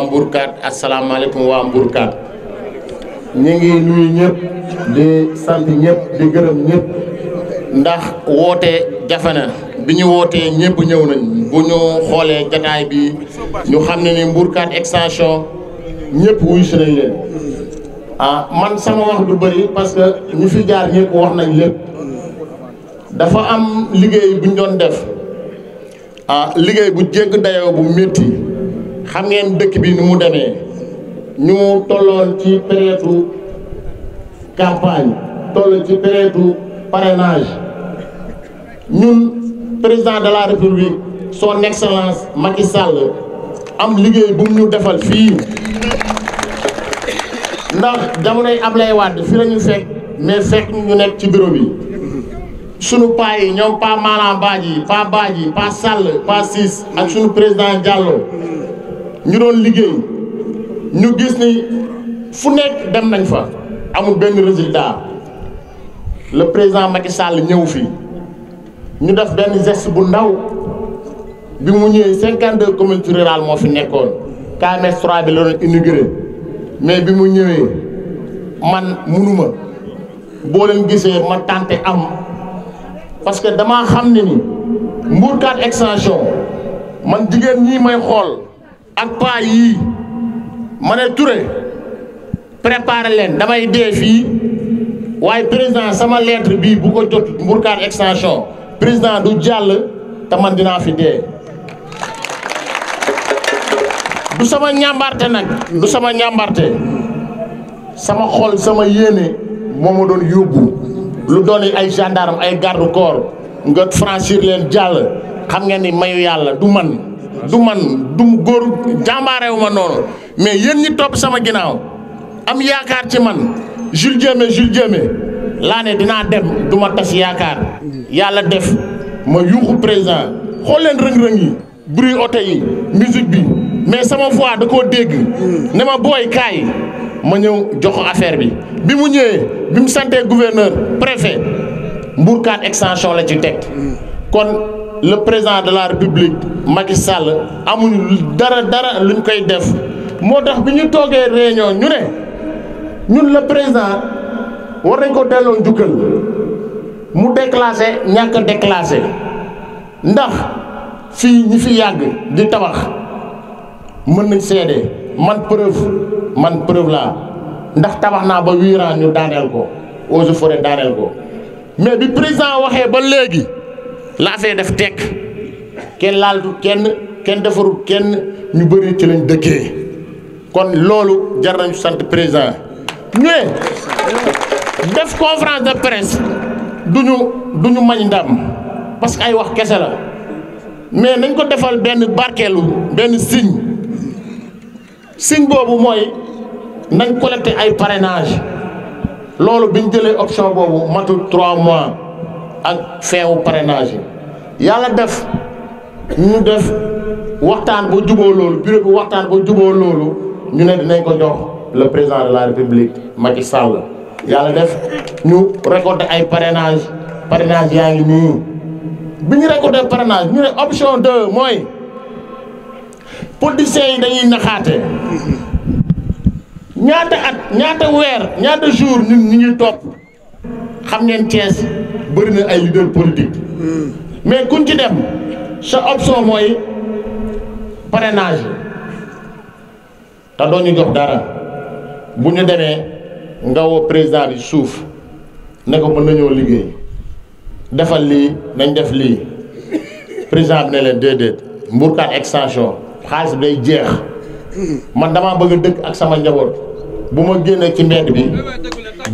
waa Mbourkat asalaamaaleykum waa Mbourkat ñu ngi nuyu ñëpp di sant ñëpp di gërëm ñëpp ndax woote jafe bi ñu wootee ñëpp ñëw nañ bu ñu xoolee jataay bi ñu xam ne ni Mbourkat extension ñëpp wuyu si nañ leen ah man sama wax du bëri parce que ñu fi jaar ñëpp wax nañ lépp dafa am liggéey bu ñu doon def ah liggéey bu jégg dayoo bu métti. xam ngeen dëkk bi nu mu demee mu tolloon ci période campagne toll ci période parrainage ñun président de la république soo excellence Macky Sall am liggéey bu mu defal fii ndax jamonoy Ablaye Wade fi la ñu fekk mais fekk ñu nekk ci bureau bi sunu paa yi ñoom pa Malang Badji pa Badji pa Sall pa Ciss ak sunu président Diallo. ñu doon liggéey ñu gis ni fu nekk dem nañ fa amul benn résultat le président Macky Sall ñëw fii ñu def benn gest bu ndaw bi mu ñëwee cinquante deux communes rurales moo fi nekkoon KMS 3 bi la doon mais bi mu ñëwee man munuma boo leen gisee ma tànte am parce que damaa xam ne ni Mbourkat extension man jigéen ñi may xool ak paa yii ma ne Touré préparé leen damay dee fii waaye président sama leetre bii bu ko jot Mbourkane extension président du jàll te man fi dee. du sama ñàmbarte nag du sama ñàmbarte sama xol sama yéene moo doon yóbbu lu doon ay gendarme ay garde corps nga franchir jàll xam nga ni mayu yàlla du man. du man du góor jàmbaarewu ma noonu mais yéen ñi topp sama ginnaaw am yaakaar ci man Jules Diémé Jules Diémé laa ne dinaa dem du ma tas yaakaar yàlla def ma yuuxu président xool leen rëng-rëng yi bruit oto yi bi mais sama voix da koo dégg ne ma booy kaay ma ñëw jox ko bi bi mu ñëwee bi mu santee gouverneur préfet mbuurkaat extension la ci teg kon le président de la république Macky Sall amuñu dara dara luñ koy def moo tax bi ñu toogee réunion ñu ne ñun la président war nañ ko delloo njukkal mu déclassé ñàkk a ndax fii ñi fi yàgg di tabax mën nañ seede man preuve man preuve laa ndax tabax naa ba huit ans ñu daaneel ko eaux et daaneel ko mais bi président waxee ba léegi. laasee def tekk kenn laaltu kenn kenn defaru kenn ñu bëri ci lañ dëkkee kon loolu jar nañu sant président ñu def conférence de presse du ñu du mañ ndam parce que ay wax kese la mais nañ ko defal benn barkeelu benn signe signe boobu mooy nañ collecté ay parrainage loolu bi jëlee option boobu matul trois mois. ak feewu parrainage yi yàlla def ñu def waxtaan ba juboo loolu waxtaan ba juboo loolu ñu ne dinañ ko jox le président de la république Macky Sall yàlla def ñu récolté ay parrainage parrainage yaa ngi nii bi ñu récolté parrainage ñu ne option deux mooy politiciens yi dañuy naxaate ñaata at ñaata weer ñaata jour ñun ñu ñuy topp xam ngeen Thiès bëri na ay leader politique mais kuñ ci dem sa option mooy parrainage te doo ñu jox dara bu ñu demee nga woo président bi suuf ne ko mën nañoo liggéey defal lii nañ def lii président bi ne leen déedéet mburkaat extension xaalis bi day jeex man dama bëgg a dëkk ak sama njaboot bu ma génnee ci mbedd bi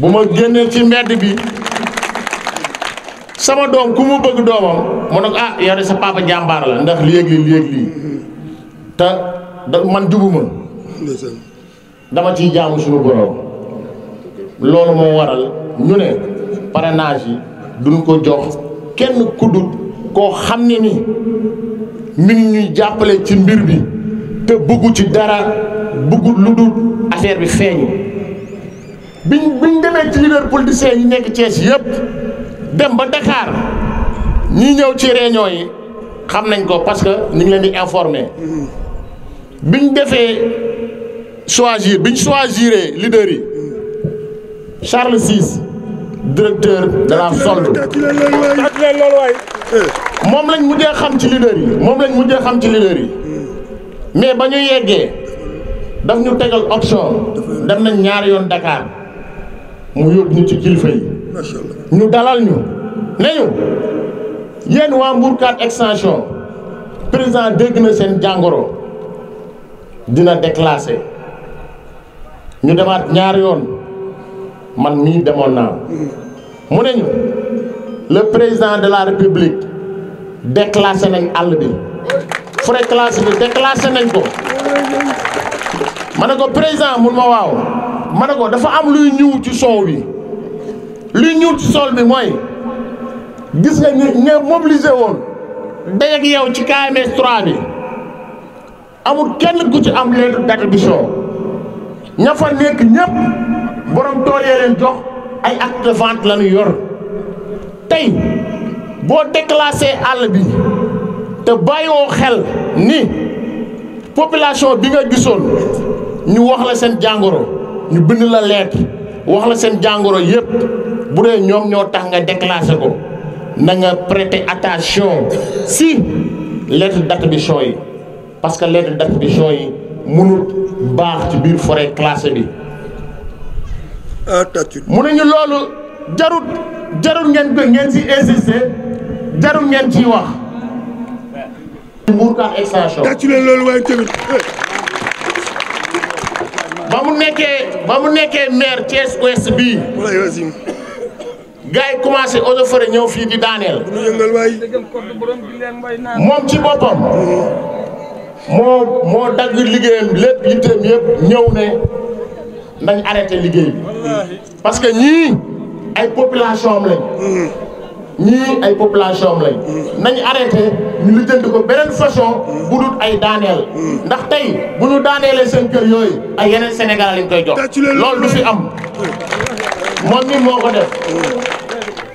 bu ma génnee ci mbedd bi sama doom ku mu bëgg doomam mu ne ko ah yow sa papa jàmbaar la ndax léeg lii léeg lii te da man jubuma dama ciy jaamu suñu borom loolu moo waral ñu ne parrainage yi duñ ko jox kenn kuddut koo xam ne ni mi ngi ñuy jàppale ci mbir bi te bëggu ci dara bëggu lu dul affaire bi feeñu biñ biñ demee ci leader politicien yi nekk Thiès yépp dem ba Dakar ñi ñëw ci réunion yi xam nañ ko parce que ñu leen di informer biñ defee choisir biñ choisiree leader yi Charles Cissé directeur de la solde moom lañ mujjee xam ci leader yi moom lañ mujjee xam ci leader yi mais ba ñu yeggee daf ñu tegal option dem nañ ñaari yoon Dakar mu yóbbu ñu ci kilifa yi macha allah ñu dalal ñu ne ñu yéen waa Mbourkat extension président dégg na seen jàngoro dina déclassé ñu demaat ñaari yoon man mii demoon naa mu ne ñu le président de la république déclassé nañ àll bi forêt classée bi déclassé nañ ko ma ne ko président mun ma waaw ma ne ko dafa am luy ñëw ci soow bi li ñuul sol bi mooy gis nga ñu ña mobilisé woon day ak yow ci KMS 3 bi amul kenn ku ci am lettre d'attribution ña fa nekk ñëpp borom tool yee leen jox ay acte de la ñu yor tey boo déclassé àll bi te bàyyiwoo xel ni population bi nga gisoon ñu wax seen jàngoro ñu bind la lettre wax seen jàngoro yépp bu dee ñoom ñoo tax nga déclassé ko na nga prêter attention si lettre d'attribution yi parce que lettre d'attribution yi mënut baax ci biir forêt classée bi. mu ne ñu loolu jarut jarut ngeen ko ngeen si insister jarut ngeen ciy wax. Mbour Kane extension. tàccu ba mu nekkee ba mu nekkee maire Thiès Ouest gars yi commencé eaux et ñëw fii di daaneel. moom ci boppam. moo moo dagg liggéeyam lépp yitteem yëpp ñëw ne nañ arrêté liggéey bi parce que ñii ay population am lañ. Hmm. ñii ay population lañ. Hmm. nañ arrêté ñu lijjanti ko beneen façon hmm. bu dul ay daaneel. ndax tey bu ñu daaneelee seen kër yooyu ay yeneen Sénégal lañ koy jox. lool du fi am. moom mi moo ko def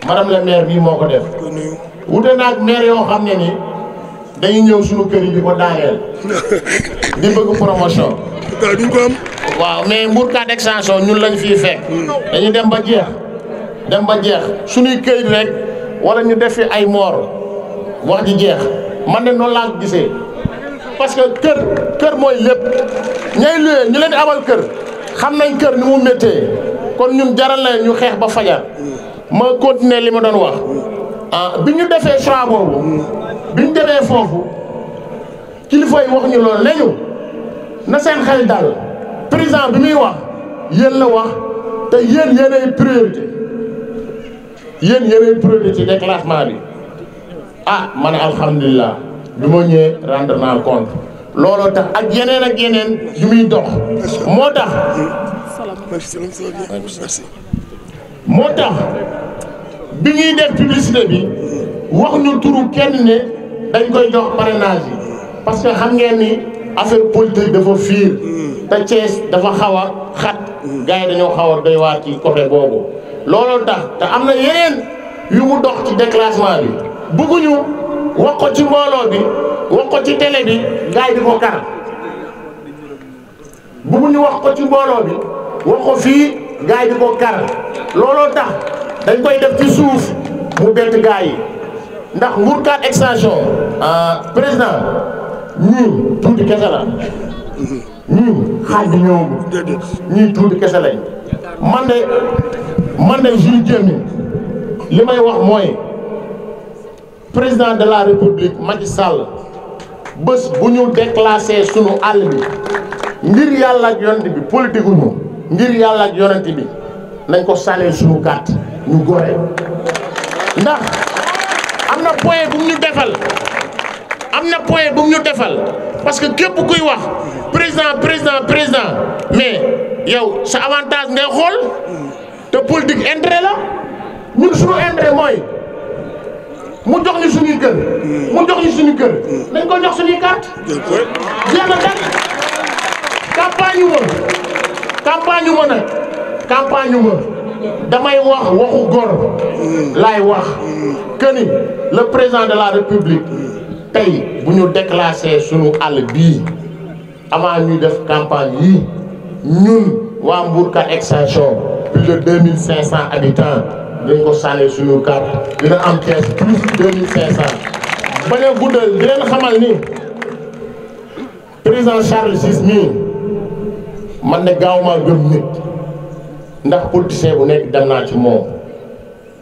madame la maire mii moo ko def wute naag maire yoo xam ne ni dañuy ñëw suñu kër yi di daaneel di bëgg promotion duñ ko am waaw mais Mbourkat extension ñun lañu fi fekk dañuy dem ba jeex dem ba jeex suñuy kër rek wala ñu def ay moor wax ji jeex man de noonu laa ko gisee parce que kër kër mooy lépp ñay luye ñu leen di kër xam nañ kër ni mu méttee kon ñun jaral na ñu xeex ba fajar ma continuer li ma doon wax ah bi ñu defee choix boobu bi ñu demee foofu kilifa yi wax ñu loolu léegi na seen xel daal président bi muy wax yéen na wax te yéen yéenay priorité yéen yéenay priorité de classement bi ah man alhamdulilah bi ma ñëwee rendre naa compte looloo tax ak yeneen ak yeneen yu muy dox moo tax. merci moo tax bi ñuy def publicité bi wax ñu turu kenn ne dañ koy jox parrainage yi parce que xam ngeen ni affaire politique dafa fiir te Thiès dafa xaw a xat gars yi dañoo doy waar ci côté boobu looloo tax te am na yeneen yu mu dox ci déclassement bi bëgguñu wax ko ci mbooloo bi wax ko ci télé bi gars di ko kar bëgguñu wax ko ci mbooloo bi wax ko fii gars yi di ko kar looloo tax dañ koy def ci suuf mu bett gars yi ndax Mbourkat extension euh, président ñii tuuti kese la ñii xaaj bi ñëw ñii tuuti kese lañ man de man de Jules li may wax mooy président de la république Macky sal bës bu ñu déclassé sunu àll bi ngir yàlla ak bi politique ñu ngir yàlla ak bi nañ ko salee suñu carte ñu gore ndax am na point bu ñu defal am na point bu ñu defal parce que képp kuy wax président président mais yow sa avantage ngay xool te politique intérêt la ñun suñu intérêt mooy mu jox ñu suñuy kër mu jox ñu suñu kër nañ ko jox suñuy carte jeex na campagne yi campagne yu nag campagne damay wax waxu góor laay wax que ni le président de la république tey bu ñu déclassé suñu àll bii avant ñuy def campagne yi ñun waa Mbourkat extension plus de deux mille ko sànnee suñu carte dina am Thiès plus deux mille cent bañ a guddal di leen xamal ni président Charles Ciss mii man ne gaaw maa gëm nit ndax politicien bu nekk dem naa ci moom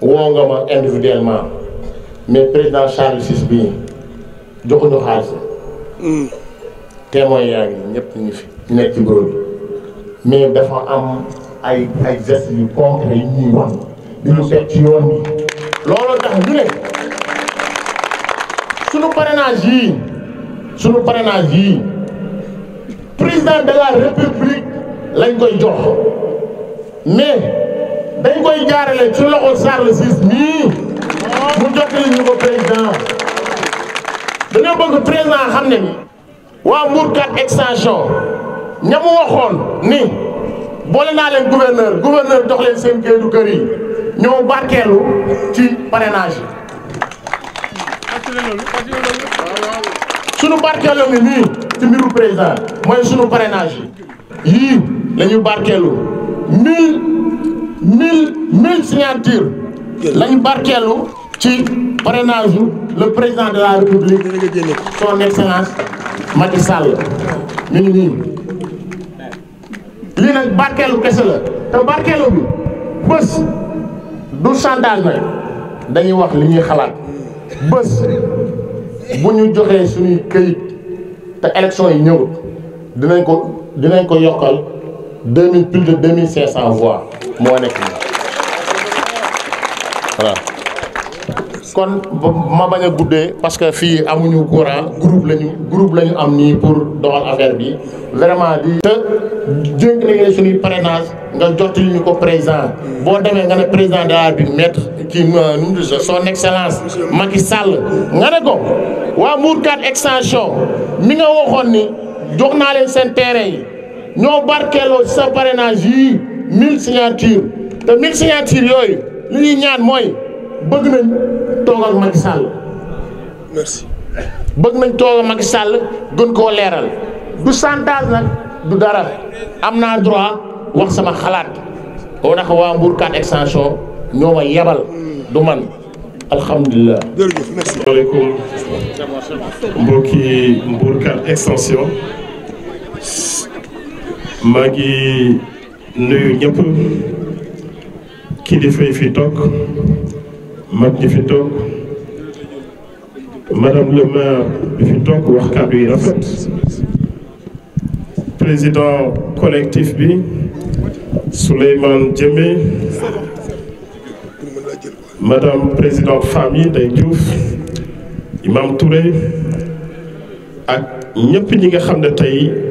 woo nga ma individuellement mais président Charles Ciss bii joxuñu xaalis hmm. témoin yaa ngi ñëpp ñu fi nekk ci góor bi mais dafa am ay ay gestes yu concret yi ñuy wax di lu ci yoon bi loolu tax ñu ne suñu parrainage yii suñu parrainage yii président de république lañ koy jox mais dañ koy jaarale ci loxo Charles Ciss nii mu jottali ñu ko président dañoo bëgg président xam ne waa Mbourkat extension ña mu waxoon ni boole naa leen gouverneur gouverneur jox seen géeju kër yi ñoo barkeelu ci parrainage yi suñu barkeelu ni nii ci mbiru président mooy suñu parrainage yii la ñu barkeelu mille mille mille signature la ñu barkeelu ci parrainage le président de la république son excellence Macky Sall mi ngi nii lii nag barkeelu kese la te barkeelu bi bés du chantage na dañuy wax li ñuy xalaat bés bu ñu joxee suñuy këyit te élection yi ñëw dinañ ko dinañ ko yokkal deux mille plus de deux mille cinq moo nekk nii voilà. kon ma bañ a guddee parce que fii amuñu courant groupe lañu groupe lañu am nii pour doxal affaire bi vraiment di. te jënk nañu suñuy parrainage nga jottali ñu ko président boo demee nga ne président de la République maître kii euh, nu mu son excellence Macky Sall nga ne ko waa Mbour 4 extension mi nga waxoon ni jox naa leen seen terrain yi. ñoo barkeeloo ci sa parrainage yii mille signature te mille yooyu li ñuy ñaan mooy bëgg nañ toog ak Macky Sall. bëgg nañ toog ak Macky Sall gën koo leeral du chantage nag du dara am naa droit wax sama xalaat oo naka waa Mbour 4 extension ñoo ma yebal du man alhamdulilah. jërëjëf merci. maaleykum mbokki extension. maa yi nuyu ñëpp kilifa yi fi toog mag ñi fi toog madame le maire fi toog wax kàddu yi rafet président collectif bi Souleymane Diémé madame président yi Ndeye juuf imam Touré ak ñëpp ñi nga xam ne tey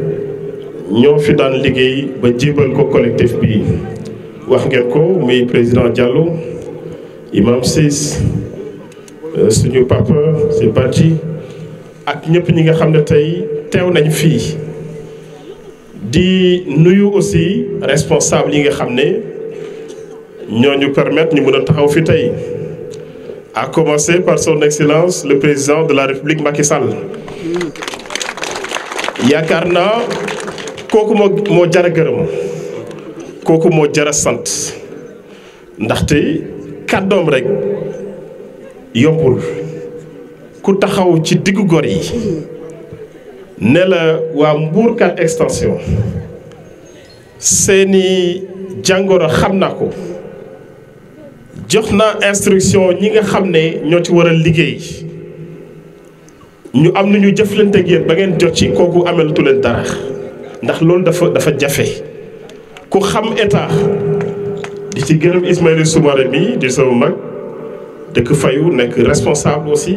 ñoo fi daan liggéey ba jébal ko collectif bi wax ngeen ko muy président Diallo imam Ciss euh, suñu papa si Badji ak ñëpp ñi nga xam ne tey teew nañ fii di nuyu aussi responsable yi nga xam ne ñoo ñu permettre ñu mun a taxaw fi tey à commencer par son excellence le président de la république Macky Sall yaakaar naa kooku moo moo jar a gërëm kooku moo jar a sant ndaxte kàddoom rek yombul ku taxaw ci diggu gor yi ne la waa Mbour 4 seeni jàngoro xam naa ko jox na instruction ñi nga xam ne ñoo ci war a liggéey ñu am nañu jëflante ak yéen ba ngeen jot ci kooku amelu tu leen dara ndax loolu dafa dafa jafe ku xam état di ci gërëm Ismaïla Soumaré mi di sama mag dëkk fayu nekk responsable aussi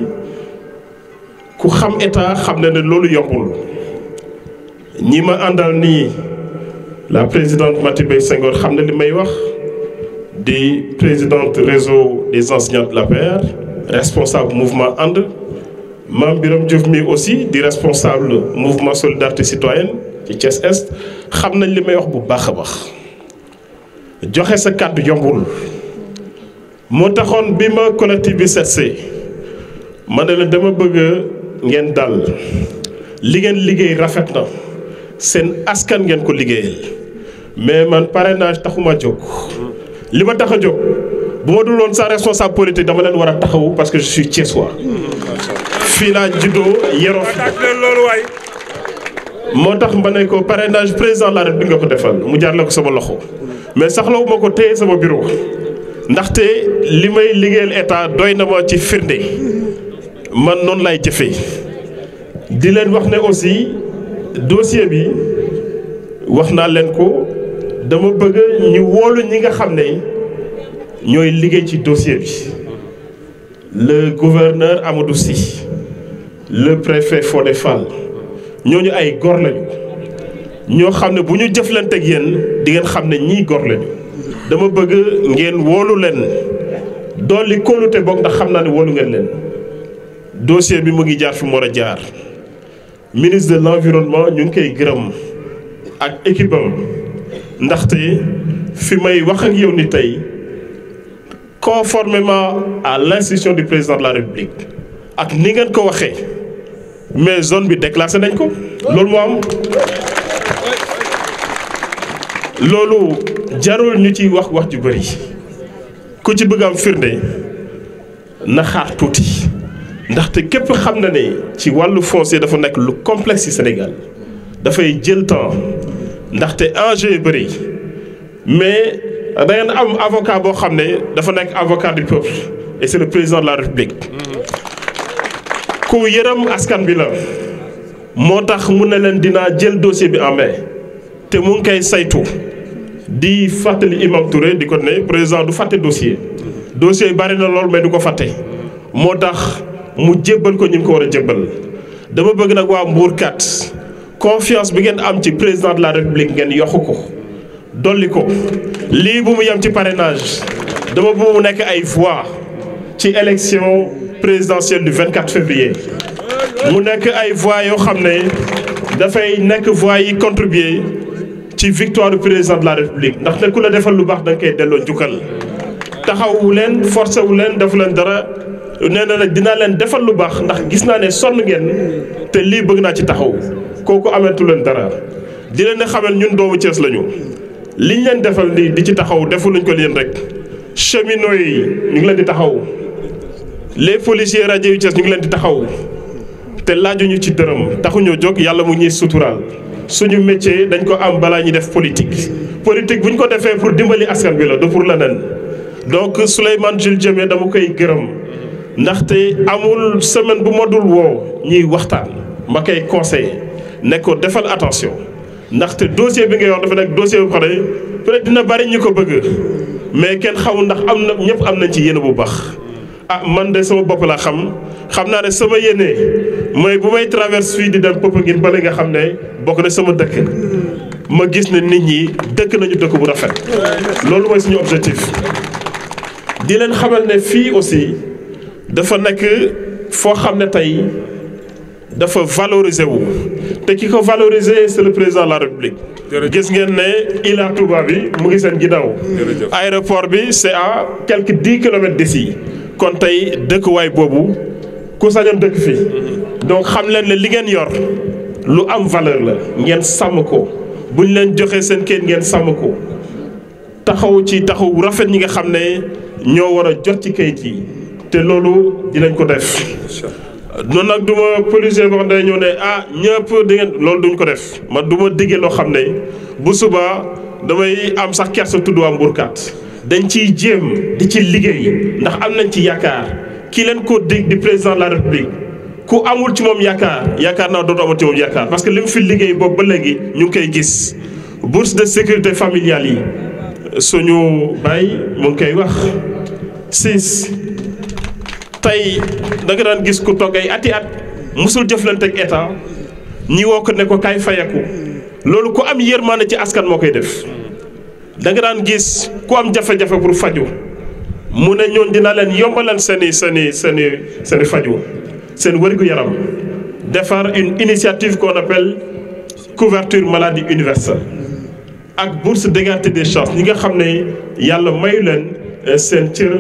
ku xam état xam na ne loolu yombul ñi ma àndal nii la présidente Matibé Senghor xam na li may wax di présidente réseau des enseignants de l'APR responsable mouvement ànd Mame Biram Diouf mi aussi di responsable mouvement solidarité citoyenne ci Thiès Est xam nañ li may wax bu baax a baax joxe sa kàddu yombul moo taxoon bi ma collectif bi set see ma ne la dama bëgg ngeen daal li ngeen liggéey rafet na seen askan ngeen ko liggéeyal mais man parrainage taxuma jóg li ma tax a jóg bu ma dul woon sa responsable politique dama leen war a taxawu parce que je suis Thiessois mmh. fii laa juddoo yeroo fi moo tax ma ne ko parrainage président de la République nga ko defal mu jaarale ko sama loxo mais saxlawu ma ko téye sama bureau ndaxte li may liggéeyal état doy na ma ci firnde man noonu lay jëfe di leen wax ne aussi dossier bi wax naa leen ko dama bëgg ñu woolu ñi nga xam ne ñooy liggéey ci dossier bi le gouverneur Amadou Sy le préfet Fodé ñooñu ay gor lañu ñoo xam ne bu ñu jëflanteeg yéen di ngeen xam ne ñii gor lañu. dama bëgg ngeen woolu leen dolli kóolute boog ndax xam naa ne woolu ngeen leen dossier bi mu ngi jaar fi mu war a jaar ministre de l'environnement ñu ngi koy gërëm ak équipe am ndaxte fi may wax ak yow ni tey conformément à l'instruction du président de la république ak ni ngeen ko waxee. mais zone bi déclassé nañ ko loolu moo am loolu jarul ñu ci wax wax ju bëri ku ci bëgg am firnde na xaar tuuti ndaxte képp xam na ne ci wàllu foncier dafa nekk lu complexe ci Sénégal dafay jël temps ndaxte enjeu yu bëri mais da am avocat boo xam ne dafa nekk avocat du peuple et c'est le président de la République. ku yërëm askan bi la moo tax mu ne leen dinaa jël dossier bi en te mu ngi koy saytu di fàttali imam Touré di ko ne président du fàtte dossier dossier yi bari na lool mais du ko fàtte moo tax mu jébbal ko ñu ko war a jébbal dama bëgg nag waa mbuurkat confiance bi ngeen am ci président de la république ngeen yokk ko dolli ko lii bu mu yem ci parrainage dama bu mu nekk ay voix ci élection présidentielle vingt 24 février mu nekk ay voix yoo xam ne dafay nekk voix yi contribuer ci victoire du président de la république ndax ne ku la defal lu baax da nga koy delloo njukkal taxawu leen forcé wu leen defu leen dara nee na nag dinaa leen defal lu baax ndax gis naa ne sonn ngeen te lii bëgg naa ci taxaw kooku ameetu leen dara di leen ne xamal ñun doomu Thiès lañu liñ leen defal nii di ci taxaw defu luñ ko leen rek cheminots yi ñu ngi leen di taxaw les policiers rajo yu Thiès ñu ngi leen di taxaw te laajuñu ci dërëm taxuñoo jóg yàlla mu ñuy suturaal suñu métier dañ ko am balaa ñuy def politique. politique bu ñu ko defee pour dimbali askan bi la du pour leneen donc Souleymane Jules Diémé dama koy gërëm ndax te amul semaine bu ma dul woo ñuy waxtaan ma koy conseillé ne ko defal attention ndaxte dossier bi nga yor dafa nekk dossier bu pare peut-être dina bari ñu ko bëgg mais kenn xamul ndax am na ñëpp am nañ ci yéen bu baax. ah man de sama bopp laa xam xam naa ne sama yéene mooy bu may traverse fii di dem Popenguine bale nga xam ne bokk na sama dëkk ma gis ne nit ñi dëkk nañu dëkk bu rafet loolu mooy suñu objectif di leen xamal ne fii aussi dafa nekk foo xam ne tey dafa valoriser wu te ki ko valoriser c'est le président la République. gis ngeen ne Ila Touba bi mu ngi seen ginnaaw. aéroport bi c'est à quelques dix kilomètres d'ici. kon tey dëkkuwaay boobu ku sañoon dëkk fi donc xam leen ne li ngeen yor lu am valeur la ngeen sàmm ko bu ñu leen joxee seen kayit ngeen sàmm ko taxaw ci taxaw rafet ñi nga xam ne ñoo war a jot ci kayit yi te loolu dinañ ko def noonu nag du ma policier boo ñoo ne ah ñëpp di ngeen loolu duñ ko def man du ma diggee loo xam ne bu suba damay am sax kersa tudd waa mburkaat dañ ciy jéem di ci liggéey ndax am nañ ci yaakaar kii leen ko dig di président la république ku amul ci moom yaakaar yaakaar naa dootu amul ci moom yaakaar parce que li mu fi liggéey boobu ba léegi ñu ngi koy gis bourse de sécurité familiale yi suñu bàyyi mu ngi koy wax six tey da nga daan gis ku togg ay ati at musul jëflante ak état ñi woo ko ne ko kaay fayeku loolu ku am yërmaande ci askan moo koy def da nga daan gis ku am jafe-jafe pour faju mu ne ñoon dina leen yombalal seeni seeni seeni seeni faju seen wér-gu-yaram defar une initiative qu'on appelle couverture maladie universelle ak bourse d'égalité de chances ñi nga xam ne yàlla mayu leen eh, seen cër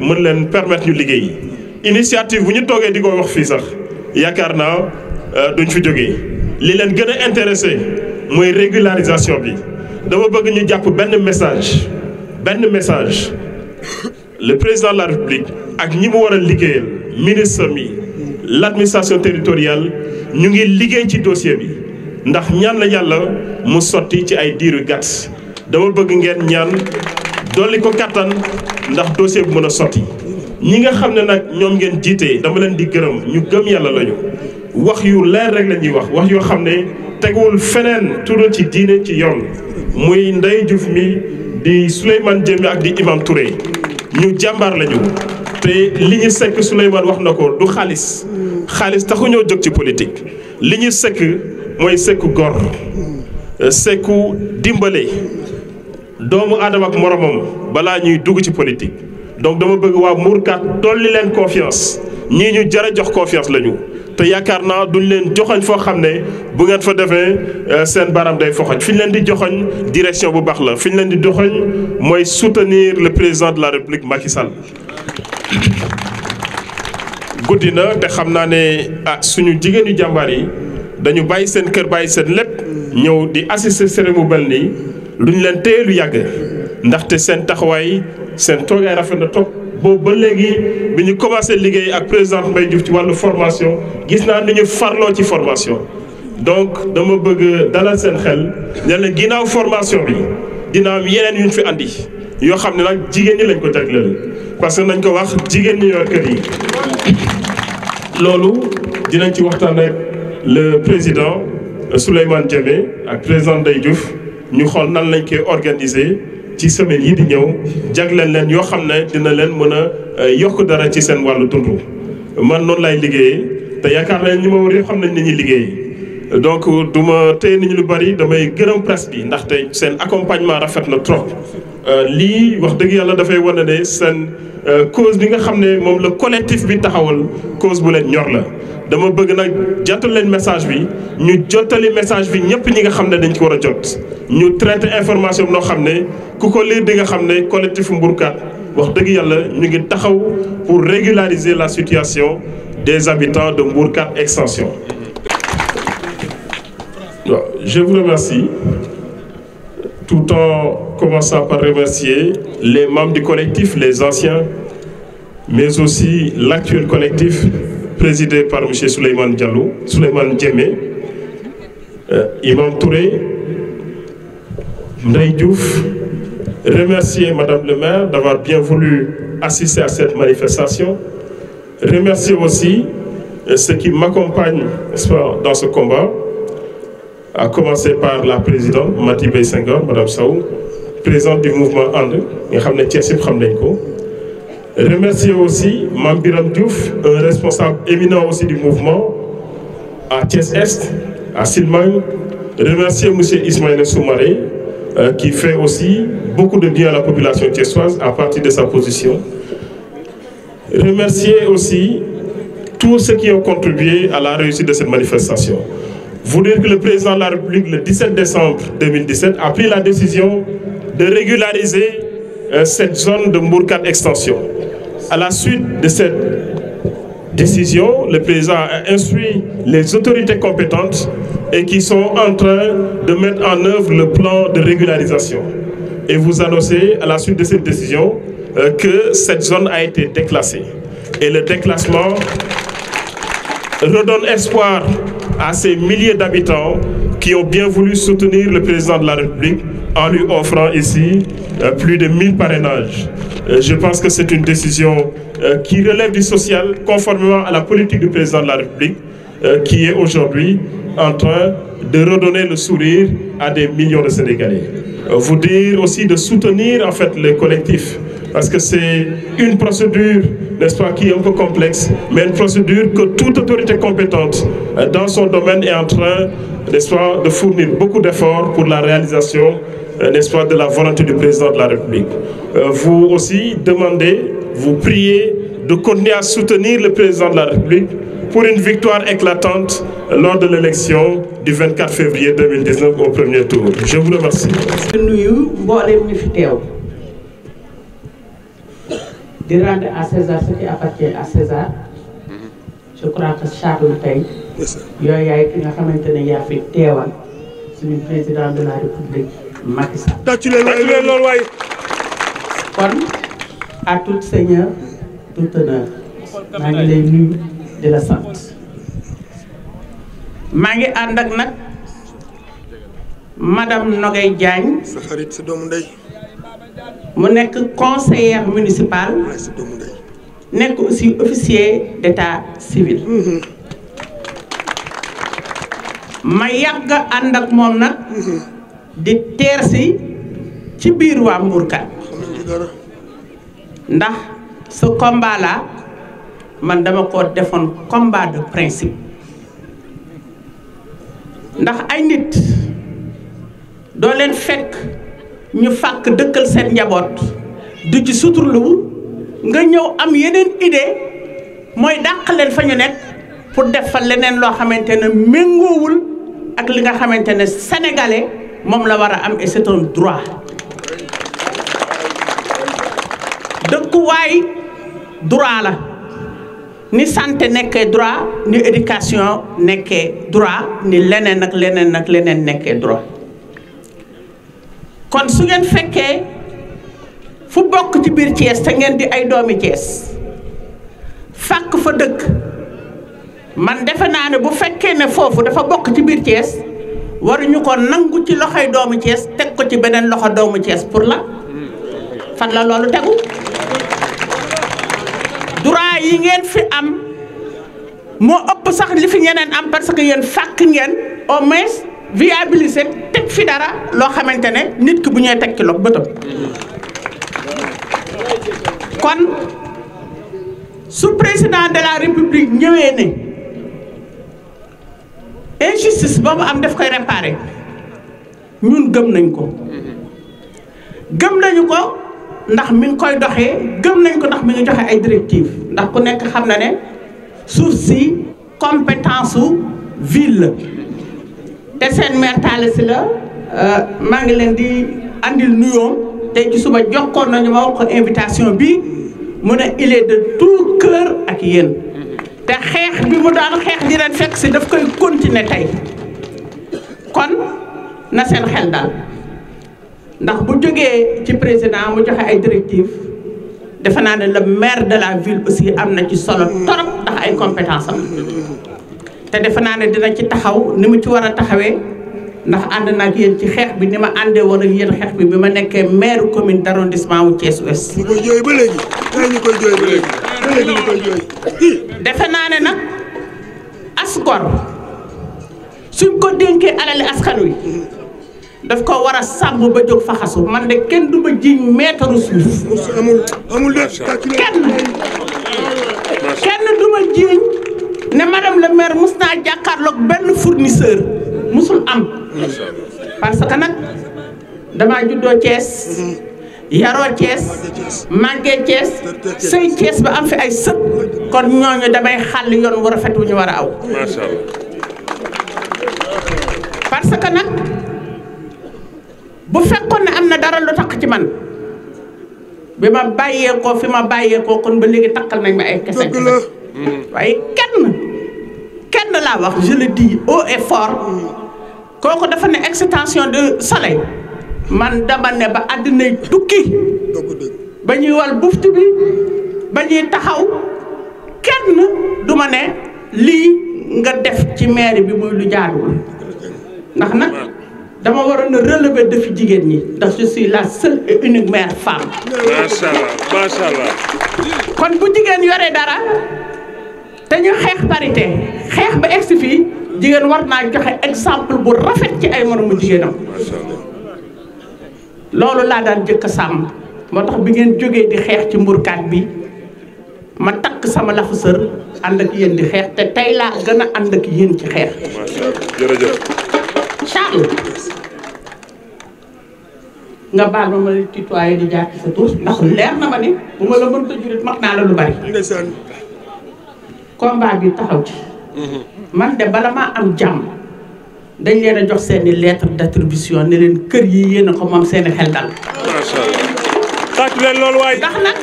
mën leen permettre ñu liggéey initiative bu ñu toogee di ko wax fii sax yaakaar naa eh, duñ fi jógee li leen gën a intéressé mooy régularisation bi dama bëgg ñu jàpp benn message benn message le président de la république ak ñi mu war a liggéeyal ministre mi l' administration ñu ngi liggéey ci dossier bi ndax ñaan la yàlla mu sotti ci ay diiru gàtt dama bëgg ngeen ñaan dolli ko kattan ndax dossier bu mën a sotti ñi nga xam ne nag ñoom ngeen jiite dama leen di gërëm ñu gëm yàlla lañu wax yu leer rek la ñuy wax wax yoo xam ne. teguwul feneen tudd ci diine ci yoon muy Ndeye Diouf mi di Souleymane Diémé ak di Imam Touré ñu jàmbaar lañu te li ñu sekk Souleymane wax na ko du xaalis xaalis taxuñoo jóg ci politique li ñu sekk mooy sekku gor sekku dimbale doomu aadama ak moromam balaa ñuy dugg ci politique donc dama bëgg waa Mbour 4 dolli leen confiance ñii ñu jara jox confiance lañu te yaakaar naa duñ leen joxoñ foo xam ne bu ngeen fa defee euh, seen baram day foxoñ fi ñu leen di joxoñ direction bu baax la fi ñu leen di joxoñ mooy soutenir le président de la république Macky Sall. guddi na te xam naa ne ah suñu jigéenu jàmbaar yi dañu bàyyi seen kër bàyyi seen lépp ñëw di assister cérémonie bu mel nii luñ leen téye lu yàgg ndaxte seen taxawaay seen toogaay rafet na topp. boobu ba léegi bi ñu commencé liggéey ak président Mbaye Diouf ci wàllu formation gis naa ni ñu farloo ci formation donc dama bëgg dalal seen xel ne leen ginnaaw formation bi dina am yeneen yu ñu fi àndi yoo xam ne nag jigéen ñi lañ ko jagleel parce que nañ ko wax jigéen ñi yor kër yi loolu dinañ ci waxtaan ak le président Souleymane Diémé ak président Ndeye Diouf ñu xool nan lañ koy organiser ci semaine yi di ñëw jagleel leen yoo xam ne dina leen mën a euh, yokk dara ci seen wàllu tundu man noonu lay liggéeyee te yaakaar naa ñi ma wër yoo xam nañ ni ñuy liggéeyee donc du ma téye nit ñi lu bari damay gërëm presse bi ndaxte seen accompagnement rafet na trop. Euh, lii wax dëgg yàlla dafay wane ne seen euh, cause bi nga xam ne moom la collectif bi taxawal cause bu leen ñor la. dama bëgg nag jotal leen message bi ñu jottali message bi ñëpp ñi nga xam ne dañ ci war a jot ñu traité information bi noo xam ne ku ko lire di nga xam ne collectif Mbourkat wax dëgg yàlla ñu ngi taxaw pour régulariser la situation des habitants de Mbourkat extension. waaw je vous remercie tout en commençant par remercier les membres du collectif les anciens mais aussi l'actuel collectif. présidé par monsieur Souleymane Diallo Souleymane Diémé euh, Imam Touré Ndeye Diouf remercier madame le maire d'avoir bien voulu assister à cette manifestation remercier aussi euh, ceux qui m'accompagnent dans ce combat à commencer par la présidente Mati Bey Senghor madame Sow présidente du mouvement And nga xam ne Thiès yëpp xam nañ ko Remercier aussi Mambiram Diouf, un responsable éminent aussi du mouvement à Thiès-Est, à Silmagne. Remercier M. Ismaël Soumaré, euh, qui fait aussi beaucoup de bien à la population thiessoise à partir de sa position. Remercier la réussite de le président de la République, le Euh, cette zone de Mbourkat Extension. À la suite de cette décision, le président a instruit les autorités compétentes et qui sont en train de mettre en œuvre le plan de régularisation. Et vous annoncez à la suite de cette décision euh, que cette zone a été déclassée. Et le déclassement redonne espoir à ces milliers d'habitants qui ont bien voulu soutenir le président de la République en lui offrant ici euh, plus de 1000 parrainages. Euh, je pense que c'est une décision euh, qui relève du social conformément à la politique du président de la République qui est aujourd'hui en train de redonner le sourire à des millions de Sénégalais. Vous dire aussi de soutenir en fait les collectifs parce que c'est une procédure, n'est-ce pas, qui est un peu complexe, mais une procédure que toute autorité compétente dans son domaine est en train n'est-ce pas, de fournir beaucoup d'efforts pour la réalisation, euh, n'est-ce de la volonté du président de la République. Euh, vous aussi demandez, vous de continuer à le président de la République pour une victoire éclatante euh, lors de l'élection du 24 février 2019 au premier tour. Je vous remercie. de rendre à César ce à César. Mhm. Je yooyu yaay ki nga xamante ne yaa fi teewal suñu président de la république Macky Sall. kon à tout seigneur maa ngi lay nuyu di la sant maa ngi ànd ak nag madame Nogay Diagne. sa xarit sa doomu mu nekk conseillère municipale. nekk aussi officier d'état civil. Mm-hmm. ma yàgg ànd ak moom nag di teer si ci biir waa Mbourkat ndax sa combat man dama ko defoon combat de principe ndax ay nit doo leen fekk ñu fàkk dëkkal seen njaboot du ci suturlu nga ñëw am yeneen idée mooy dàq leen fa ñu nekk pour def fa leneen loo xamante ne méngoowul ak li nga xamante ne sénégalais moom la war a am et droit dëkkuwaay droit la ni santé nekkee droit ni éducation nekkee droit ni leneen ak leneen ak leneen nekkee droit kon su ngeen fekkee fu bokk ci biir Thiès te ngeen di ay doomi Thiès fàkk fa dëkk man defe naa ne bu fekkee ne foofu dafa bokk ci biir Thiès waruñu ko nangu ci loxoy doomu cees teg ko ci beneen loxo doomu cees pour la fan la loolu tegu droit yi ngeen fi am moo ëpp sax li fi ñeneen am parce que yéen fàkk ngeen au moins viabiliser teg fi dara loo xamante ne nit ki bu ñuy teg ci loxo bëtam kon su président de la république ñëwee ne injustice ba mu am daf koy réparer ñun gëm nañ ko gëm nañu ko ndax mi ngi koy doxee gëm nañ ko ndax mi ngi joxe ay directives ndax ku nekk xam na ne suuf si compétence su ville la te seen maire Talla Sylla la euh, maa ngi leen di andil nuyoom te ci suba jokkoon nañu ma wax ko invitation bi mu ne il est de tout cœur ak yéen. te xeex bi mu daan xeex di leen fekk si daf koy continuer tey kon na seen xel daal ndax bu jógee ci président mu joxe ay directives defe naa ne le maire de la ville aussi am na ci solo torop ndax ay compétence am te defe naa ne dina ci taxaw ni mu ci war a taxawee. ndax ànd naa ak yéen ci xeex bi ni ma àndee woon ak yéen xeex bi bi ma nekkee maire commune d' arrondissement wu Thiès Ouest. ñu koy jooy ba léegi defe naa ne nag as suñ ko dénkee alali askan wi daf ko war a sàmm ba jóg fa man de kenn du ma jiñ meetaru suuf. amul amul kenn kenn du ma ne madame le maire mos naa jàkkaarloog benn fournisseur. mosul am parce que nag dama juddoo Thiès yaroo Thiès màggee Thiès sëy Thiès ba am fi ay sët kon ñooñu damay xàll yoon a rafet wu ñu war a aw macha parce que nag bu fekkoon ne am na dara lu takk ci man bi ma bàyyeekoo fi ma bàyyeekoo kon ba léegi takkal nañ ma ay kese mm. waaye kenn kenn laa wax je le dis haut kooku dafa ne extension de soleil man dama ne ba àddinay tukki ba ñuy wal buftu bi ba ñuy taxaw kenn du ma ne lii nga def ci mairie bi muy lu jaaduwul ndax nag dama waroon a relever defi jigéen ñi ndax je suis la seule et unique mère femme. macha kon bu jigéen yore dara te ñu xeex parité xeex ba egsi fii. jigéen war naa joxe exemple bu rafet ci ay moromu jigéenam loolu laa daan jëkk sàmm moo tax bi ngeen jógee di xeex ci mburkaat bi ma takk sama lafu sër ànd ak yéen di xeex te tey laa gën a ànd ak yéen ci xeex jërëjëf Charles nga baal ma ma tutoyé di jaar ci sa tur ndax leer na ma ni bu ma la mënta jurit mag naa la lu bari combat bi taxaw ci mhm. man de bala maa am jàmm dañ leen a jox seeni i lettre d'attribution ne leen kër yi yéen a ko moom seen i xel dal. macha loolu waay. tax nag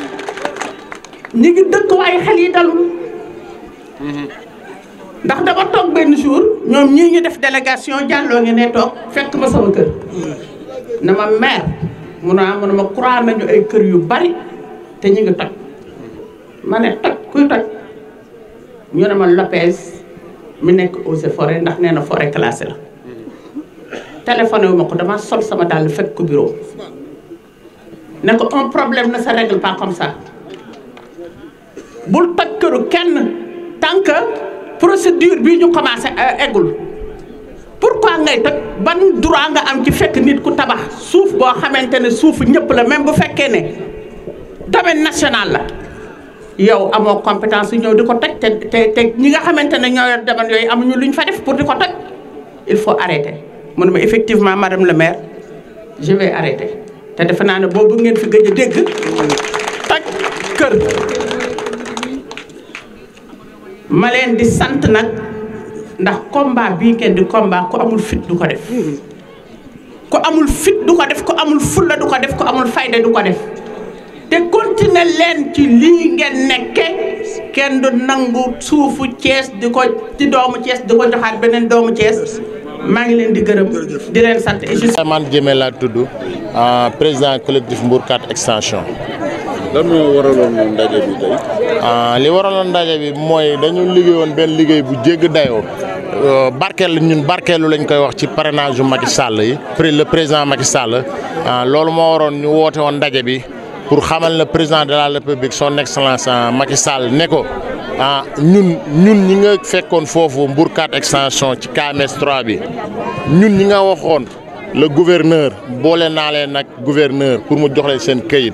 ñu ngi dëkk waaye xel yi dalul. Mhm. ndax dama toog benn jour ñoom ñii ñu def délégation jàlloo ngi ne toog fekk ma sama kër mhm. na ma maire mun a ah, mun a ma croix nañu ay kër yu bari te ñu ngi toj mhm. ma ne toj kuy toj ñu ne ma Lopez mu nekk eaux et forêt ndax nee na forêt classée la téléphoné wu ma ko dama sol sama dàll fekk ko bureau ne ko problème na se règle pas comme ça bul toj këru kenn tant que procédure bi ñu commencé euh, eggul pourquoi ngay toj ban droit nga am ci fekk nit ku tabax suuf boo xamante ne suuf ñëpp la même bu fekkee ne domaine national la yow amoo compétence yu ñëw di ko toj te te te ñi nga xamante ne ñoo yor deman yooyu amuñu luñ fa def pour di ko toj il faut arrêter mu ne ma effectivement madame le maire je vais arrêter te defe naa ne boobu ngeen fi gëj a dégg toj kër ma leen di sant nag ndax combat bii ngeen di combat ku amul fit du ko def ku amul fit du ko def ku amul fulla du ko def ku amul fayda du ko def te continué leen ci lii ngeen nekke kenn du nangu suufu Thiès di ko ci doomu Thiès di ko joxaat beneen doomu Thiès maa ngi leen di gërëm di leen sant. man Diémé laa tudd euh, président collectif Mbour 4 extension. lan moo waraloon ndaje bi euh, li waraloon ndaje bi mooy dañu woon benn liggéey bu jégg dayoo. Euh, barkeel ñun barkeelu lañ koy wax ci parrainage yu Macky Sall yi. le président Macky Sall loolu moo waroon ñu woote woon ndaje bi. pour xamal na président de la république son excellence ah, Macky Sall ne ko ah ñun ñun ñi nga fekkoon foofu Mbour 4 extension ci KMS 3 bi ñun ñi nga waxoon la gouverneur boole naa leen nag gouverneur pour mu jox leen seen kayit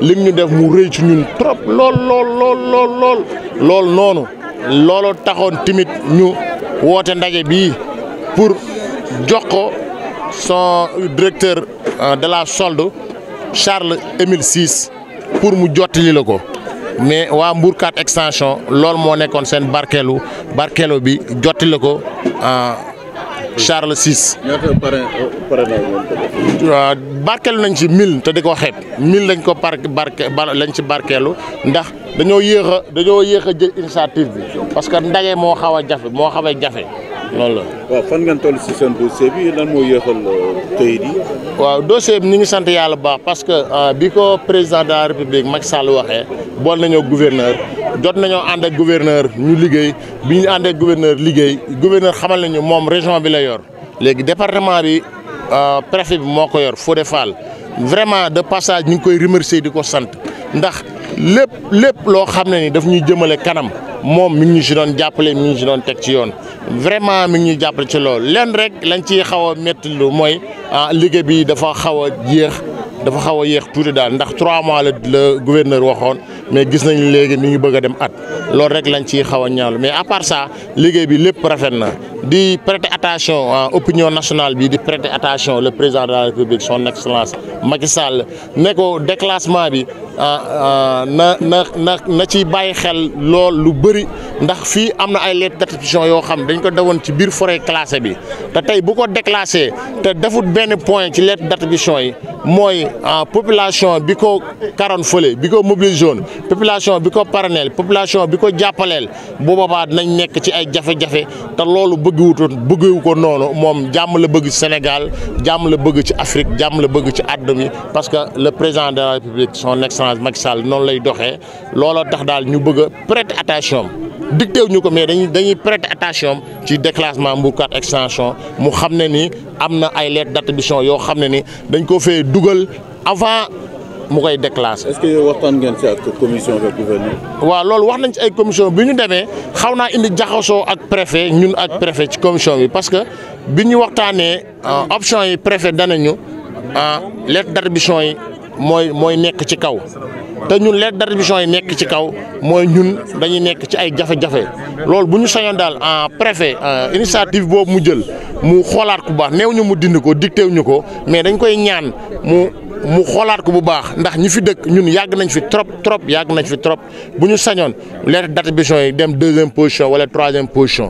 lim ñu def mu rëy ci ñun trop lool lool lool lool lool lool noonu loolu taxoon timit ñu woote ndaje bi pour jox ko son directeur ah, de la solde Charles Émile Ciss pour mu jottali la ko mais waa Mbour 4 extension loolu moo nekkoon seen barkeelu barkeelu bi jottali la ko ah, Charles Ciss. ñaata pare ah, barkeelu nañ si 1000 te di ko xeeb 1000 lañ ko par lañ ci barkeelu ndax dañoo yéex dañoo yéex a jël initiative bi parce que ndaje moo xaw a jafe moo xaw jafe. loolu la. waaw fan ngeen toll si seen dossier bi lan moo yéexal këyit euh, yi. waaw dossier bi ñu sant yàlla bu baax parce que euh, bi ko président de la république Macky Sall waxee bool nañoo gouverneur jot nañoo ànd ak gouverneur ñu liggéey bi ñu ànd ak gouverneur liggéey gouverneur xamal nañu moom région bi la yor léegi département bi euh, préfet bi moo ko yor foo de Fall vraiment de passage ñu ngi koy remercier di ko sant ndax lépp lépp loo xam ne ni daf ñuy jëmale kanam moom mi ñu si doon jàppale mi ngi ñu teg ci yoon. vraiment mi ngi ñuy ci lool lenn rek lañ ciy xaw a mooy ah liggéey bi dafa xaw a yéex dafa xaw a yéex tuuti daal ndax trois mois la la gouverneur waxoon mais gis nañu léegi mi ngi bëgg a dem at loolu rek lañ ciy xaw a ñaawlu mais à part ça liggéey bi lépp rafet na. di prêter attention à opinion nationale bi di prêter attention le président de la république son excellence Macky Sall ne ko déclassement bi ah, ah, na na na na ci bàyyi xel lool lu bëri ndax fii am na ay lettre d'attribution yoo xam dañ ko defoon ci biir forêt classée bi te tey bu ko déclassé te defut benn point ci lettre d'attribution yi mooy ah, population bi ko karoon fële bi ko mobilisé zone population bi ko parneel population bi ko jàppaleel bu boobaa nañ nekk ci ay jafe bëgguwutoon bëggewu ko noonu moom jàmm la bëgg ci Sénégal jàmm la bëgg ci Afrique jàmm la bëgg ci àdduna bi parce que le président de la République son excellence Macky Sall noonu lay doxee looloo tax daal ñu bëgg a prêter attention dicté ñu ko mais dañuy dañuy prêter attention ci déclassement Mbourkat extension mu xam ne ni am na ay lettres d'attribution yoo xam ne ni dañ ko fee dugal avant. mu koy déclassé. est-ce que waxtaan waaw loolu wax nañ ci ay commission bi ñu demee xaw naa indi jaxasoo ak préfet ñun ak préfet ci commission bi parce que bi ñu waxtaanee euh, option yi préfet danañu euh, lettre d'attribution yi mooy mooy nekk ci kaw. te ñun lettre d'attribution yi nekk ci kaw mooy ñun dañuy nekk ci ay jafe-jafe loolu bu ñu sañoon daal en euh, préfet initiative boobu mu jël mu xoolaat ku baax néew ñu mu dind ko dicté ñu ko mais dañ koy ñaan mu. mu xoolaat ko bu baax ndax ñi fi dëkk ñun yàgg nañ fi trop trop yàgg nañ fi trop bu ñu sañoon lettre d'attribution yi dem deuxième position wala troisième position.